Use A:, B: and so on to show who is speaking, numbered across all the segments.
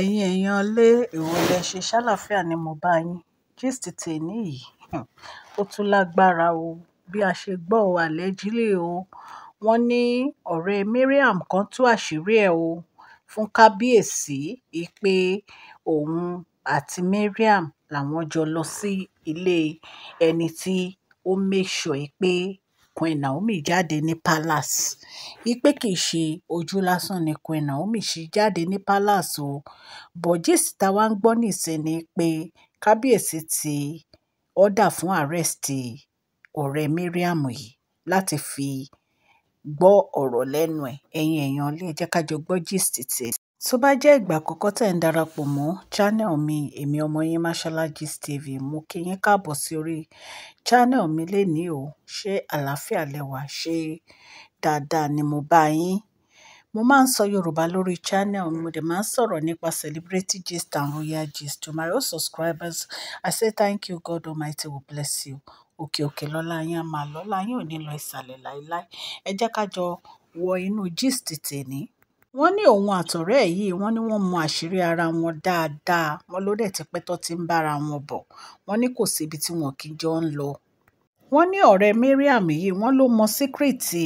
A: ẹ̀yin èèyàn ilé èwo lẹ ṣe ṣàlàáfíà ni mo bá yín gist tèmi yìí hmm, ó tún lágbára o bí a ṣe gbọ́ ọ allegedly o wọ́n ní ọ̀rẹ́ Mariam kan tú àṣírí ẹ̀ o fún kábíyèsí pé òun àti Mariam làwọn jọ lọ sí ilé ẹni tí ó make sure pé Queen Naomi jáde ní palace ipe kì í ṣe ojú lásán ni Queen Naomi ṣe jáde ní palace o bọ̀jísì táwa ń gbọ́ nìsín ni pé kábíyèsí ti order fún arrest ọ̀rẹ́ Mariam yìí láti fi gbọ́ ọ̀rọ̀ lẹ́nu ẹ̀ ẹ̀yin èèyàn ilé ẹ jẹ́ gbọ́ gist tiẹ̀ Tó bá jẹ́ ìgbà àkọ́kọ́ tẹ̀ ń darapọ̀ mọ́ channel mi, èmi ọmọ yín Mashola Gist TV, mo kí yín káàbọ̀ sí orí channel mi lénìí o. Ṣé àlàáfíà lẹ́wà? Ṣé dáadáa ni mo bá yín? Mo máa ń sọ Yorùbá lórí channel mo dẹ̀ máa ń sọ̀rọ̀ nípa celebrity gist and royal gist. To my old subscribers, I say thank you, God Almighty will bless you. Òkè òkè lọ́lá yín a máa lọ, ọlá yín ò ní lọ ìsàlẹ̀ láíláí. Ẹ jẹ́ ká jọ wọ inú gist tèní wọ́n ní òun àtọ̀rẹ́ ẹ̀ yìí wọ́n ní wọ́n mọ àṣírí ara wọn dáadáa wọ́n ló dẹ̀ ti pẹ́ tó ti ń bára wọn bọ̀ wọ́n ní kò síbi tí wọn kì í jọ ń lọ. wọ́n ní ọ̀rẹ́ mariam yìí wọ́n ló mọ síkírìtì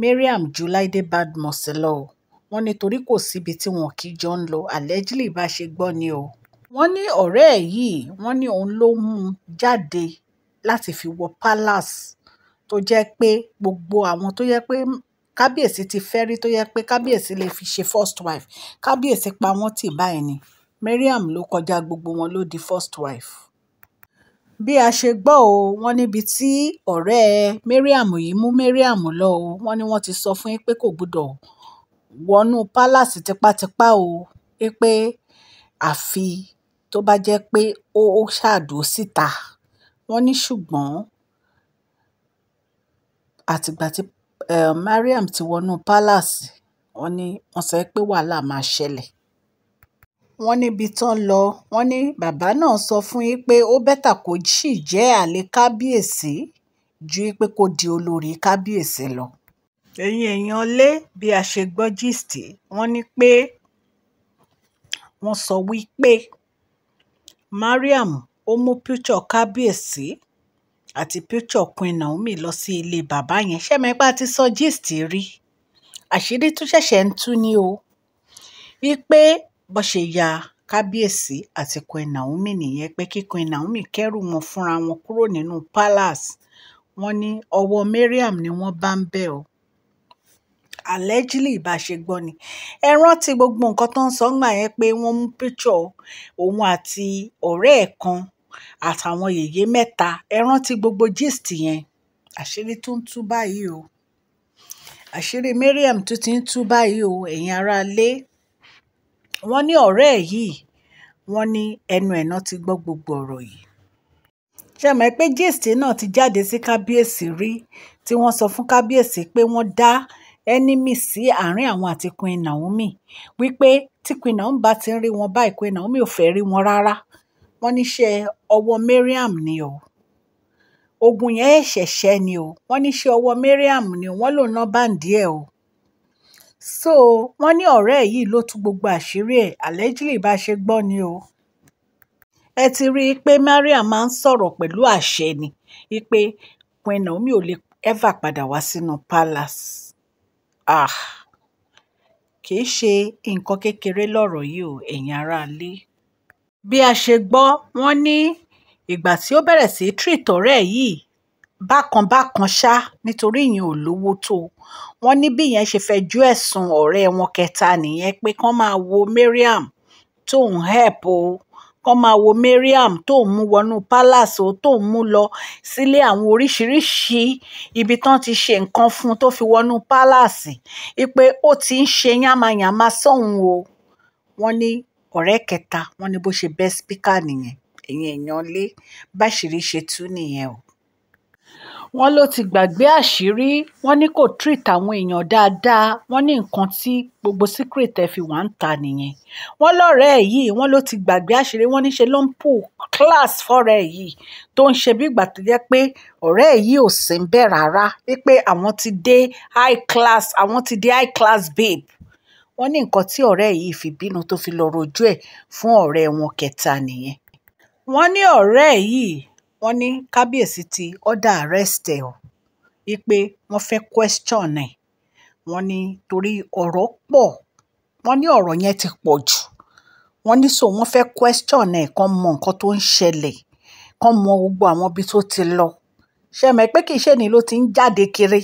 A: mariam ju láìdé badmus lọ o wọ́n ní torí kò síbi tí wọn kì í jọ ń lọ allegedly bá ṣe gbọ́ ni o. wọ́n ní ọ̀rẹ́ ẹ̀ yìí wọ́n ní òun ló mú un jáde láti fi wọ palace tó jẹ́ pé gbogbo àwọn tó jẹ́ pé kábíyèsí ti fẹ́ rí tó yẹ pé kábíyèsí lè fi ṣe first wife kábíyèsí pa wọ́n tì báyìí ni Mariam ló kọjá gbogbo wọn ló di first wife. bí a ṣe gbọ́ o wọ́n níbi tí ọ̀rẹ́ Mariam yìí mú Mariam lọ o wọ́n ní wọ́n ti sọ fún yín pé kò gbọ́dọ̀ wọnú pálásì tipátipá o pé àfi tó bá jẹ́ pé ó ó ṣàdó síta wọ́n ní ṣùgbọ́n àtìgbà tí um mariam ti wọnú palace wọn ni wọn sọ pé wàhálà máa ṣẹlẹ̀ wọ́n níbi tán lọ wọ́n ní bàbá náà sọ fún yín pé ó bẹ́tà kó sì jẹ́ àlè kábíyèsí ju pé kó di olórí kábíyèsí lọ. ẹ̀yin èèyàn lé bí a ṣe gbọ́ gist wọ́n ní pé wọ́n sọ wípé Mariam ó mú píṣọ kábíyèsí àti picture Queen Naomi lọ sí ilé bàbá yẹn ṣẹ́mẹ́pá ti sọ gist rí àṣírí tún ṣẹ̀ṣẹ̀ ń tú ní o wípé bó ṣe ya kábíyèsí àti Queen Naomi nìyẹn pé kí Queen Naomi kẹ́rù wọn fúnra wọn kúrò nínú palace wọn ní ọwọ́ Mariam ni wọ́n bá ń bẹ̀ o allegedly bá a ṣe gbọ́ ni ẹ rántí gbogbo nǹkan tó ń sọ ńgbà yẹn pé wọ́n mú picture òun àti ọ̀rẹ́ ẹ̀ kan àtàwọn yèyé mẹ́ta ẹ rántí gbogbo gist yẹn àṣírí tó ń tú báyìí o àṣírí Mariam tó ti ń tú báyìí o ẹ̀yin aráalé wọ́n ní ọ̀rẹ́ ẹ̀ yìí wọ́n ní ẹnu ẹ̀ náà ti gbọ́ gbogbo ọ̀rọ̀ yìí ṣe mọ̀ pé gist náà ti jáde sí kábíyèsí rí tí wọ́n sọ fún kábíyèsí pé wọ́n dá enemy sí àárín àwọn àti Queen Naomi wípé tí Queen Naomi bá ti ń rí wọn báyìí Queen Naomi ò fẹ́ rí wọn rárá wọ́n níṣẹ́ ọwọ́ Mariam ni o ogun yẹn ṣẹ̀ṣẹ̀ ni o wọ́n níṣẹ́ ọwọ́ Mariam ni wọ́n lòun náà bàǹdí ẹ̀ o so wọ́n ní ọ̀rẹ́ yìí ló tú gbogbo àṣírí ẹ̀ allegedly bá ṣe gbọ́ ni o ẹ ti rí i pé Mariam máa ń sọ̀rọ̀ pẹ̀lú àṣẹ ni i pé Queen Naomi ò lè ever padà wá sínú palace ah kì í ṣe nǹkan kékeré lọ̀rọ̀ yìí o ẹ̀yin aráalé bí a ṣe gbọ́ wọn ní ìgbà tí ó bẹ̀rẹ̀ sí í treat ọ̀rẹ́ ẹ̀ yìí bákan bákan ṣá nítorí ìyẹn ò lówó tó wọn ní bí ìyẹn ṣe fẹ́ ju ẹ̀sùn ọ̀rẹ́ wọn kẹta nìyẹn pé kán máa wo Mariam tóun help o kán máa wo Mariam tóun mú wọnú palace o tóun mú lọ sílé àwọn oríṣiríṣi ibi tán ti ṣe nǹkan fún tó fi wọnú palace ipe ó ti ń ṣe yánmayànma sóhun o wọn ní ọ̀rẹ́ kẹta wọn ní bó ṣe bẹ́ spíkà nìyẹn ẹ̀yin èèyàn lé báṣìírí ṣe tú nìyẹn o wọ́n ló ti gbàgbé àṣírí wọ́n ní kò treat àwọn èèyàn dáadáa wọ́n ní nǹkan tí gbogbo secret ẹ̀ fi wà ń ta nìyẹn wọ́n lọ́rẹ́ ẹ̀ yìí wọ́n ló ti gbàgbé àṣírí wọ́n ní ló ń pù class fọ́rẹ́ ẹ̀ yìí tó ń ṣe bí ìgbà tó jẹ́ pé ọ̀rẹ́ ẹ̀ yìí ò sí ń bẹ̀ rárá wípé àwọn ti dé high class àwọn ti dé high class babe wọ́n ní nǹkan tí ọ̀rẹ́ yìí fi bínú tó fi lọ rojú ẹ̀ fún ọ̀rẹ́ wọn kẹta nìyẹn wọ́n ní ọ̀rẹ́ yìí wọ́n ní kábíyèsí ti ọ́dà arrest ẹ̀ o wípé wọ́n fẹ́ question ẹ̀ wọ́n ní torí ọ̀rọ̀ pọ̀ wọ́n ní ọ̀rọ̀ yẹn ti pọ̀ jù wọ́n ní so wọ́n fẹ́ question ẹ̀ kán mọ nǹkan tó ń ṣẹlẹ̀ kán mọ gbogbo àwọn ibi tó ti lọ ṣe mọ̀ pé kì í ṣe ni ló ti ń jáde kiri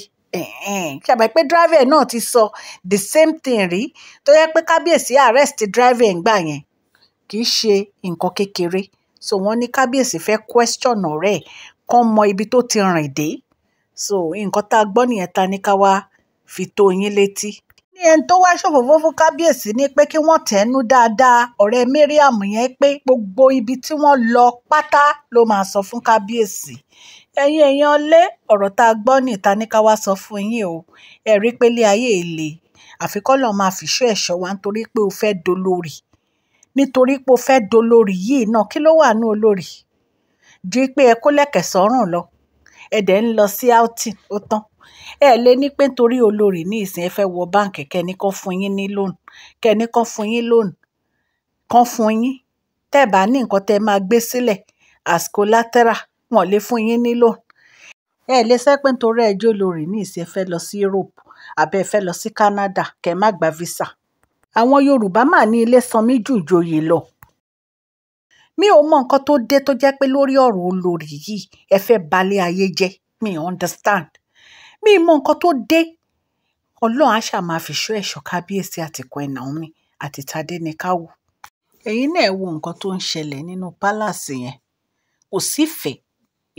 A: ṣàbẹ̀ pé driver náà ti sọ the same thing rí tó yẹ pé kábíyèsí arrest driver ń gbà yẹn kì í ṣe nǹkan kékeré so wọ́n ní kábíyèsí fẹ́ question ọ̀rẹ́ ẹ̀ kán mọ ibi tó ti rìn dé so nǹkan tá a gbọ́ nìyẹn ta ní ká wá fi tó yín létí. ní ẹni tó wá ṣòfófó fún kábíyèsí ni pé kí wọ́n tẹ̀ẹ́nu dáadáa ọ̀rẹ́ Mariam yẹn pé gbogbo ibi tí wọ́n lọ pátá ló máa sọ fún kábíyèsí ẹ̀yin èèyàn lé ọ̀rọ̀ tá a gbọ́ níta ní ká wá sọ fún yín o ẹ rí pé ilé ayé èlé àfi kọ́lọ̀ máa fìṣó ẹ̀ṣọ́ wa nítorí pé o fẹ́ dolórí nítorí pé o fẹ́ dolórí yìí náà kí ló wà ní olórí ju pé ẹ kó lẹ̀kẹ̀ sọ́rùn lọ ẹ dẹ̀ ń lọ sí outing ó tán ẹ lé ní pé nítorí olórí ní ìsìn ẹ fẹ́ wọ báǹkì kẹ́ni kan fún yín ní lónìí kẹ́ni kan fún yín lónìí kan fún yín tẹ́ bá ní nǹkan tẹ́ máa gbé sílẹ̀ as collateral wọ́n lè fún yín ní loan. Ẹ lè sẹ́ pé nítorí ẹ jẹ́ olórí ní ìsìn ẹ lọ sí Europe àbí ẹ lọ sí Canada kẹ má gba visa. Àwọn Yorùbá máa ní ilé sanmí jù joyè lọ. Mi ò mọ nǹkan tó dé tó jẹ́ pé lórí ọ̀rọ̀ olórí yìí ẹ fẹ́ balẹ̀ ayé jẹ́. Mi understand. Mi mọ nǹkan tó dé. Ọlọ́run á ṣà máa fi ṣọ́ ẹ̀ṣọ́ kábíyèsí àtìkọ́ ẹ̀ Naomi àti Tadé ní ká wò. Ẹ̀yin náà wo nǹkan tó ń ṣẹlẹ̀ nínú pálàsì yẹn. Kò sífẹ̀ẹ́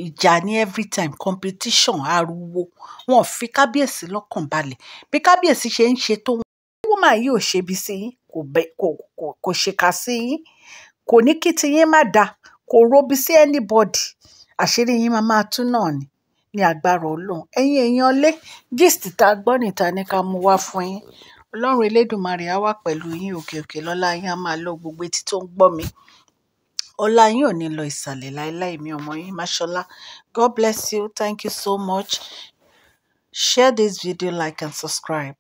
A: ìjà ní every time competition ariwo wọn fi kábíyèsí lọ́kàn balẹ̀ bí kábíyèsí ṣe ń ṣe tó wọn. wúmà yìí ò ṣebi sí yín kò bẹ kò kò kò ṣèkà sí yín kò ní kí tiyín má dáa kò robi sí anybody àṣírí yín máa máa tú náà ni ní agbára ọlọ́run ẹ̀yin èèyàn lé gist tá a gbọ́ níta ní ká mú wá fún yín ọlọ́run elédùnmarè á wà pẹ̀lú yín òkè òkè lọ́lá yín á máa lọ gbogbo etí tó ń gbọ́ mi ọlá yín ò ní lọ ìsàlẹ̀ láéláé mi ọmọ yín máṣọlá god bless you thank you so much share this video like and subscribe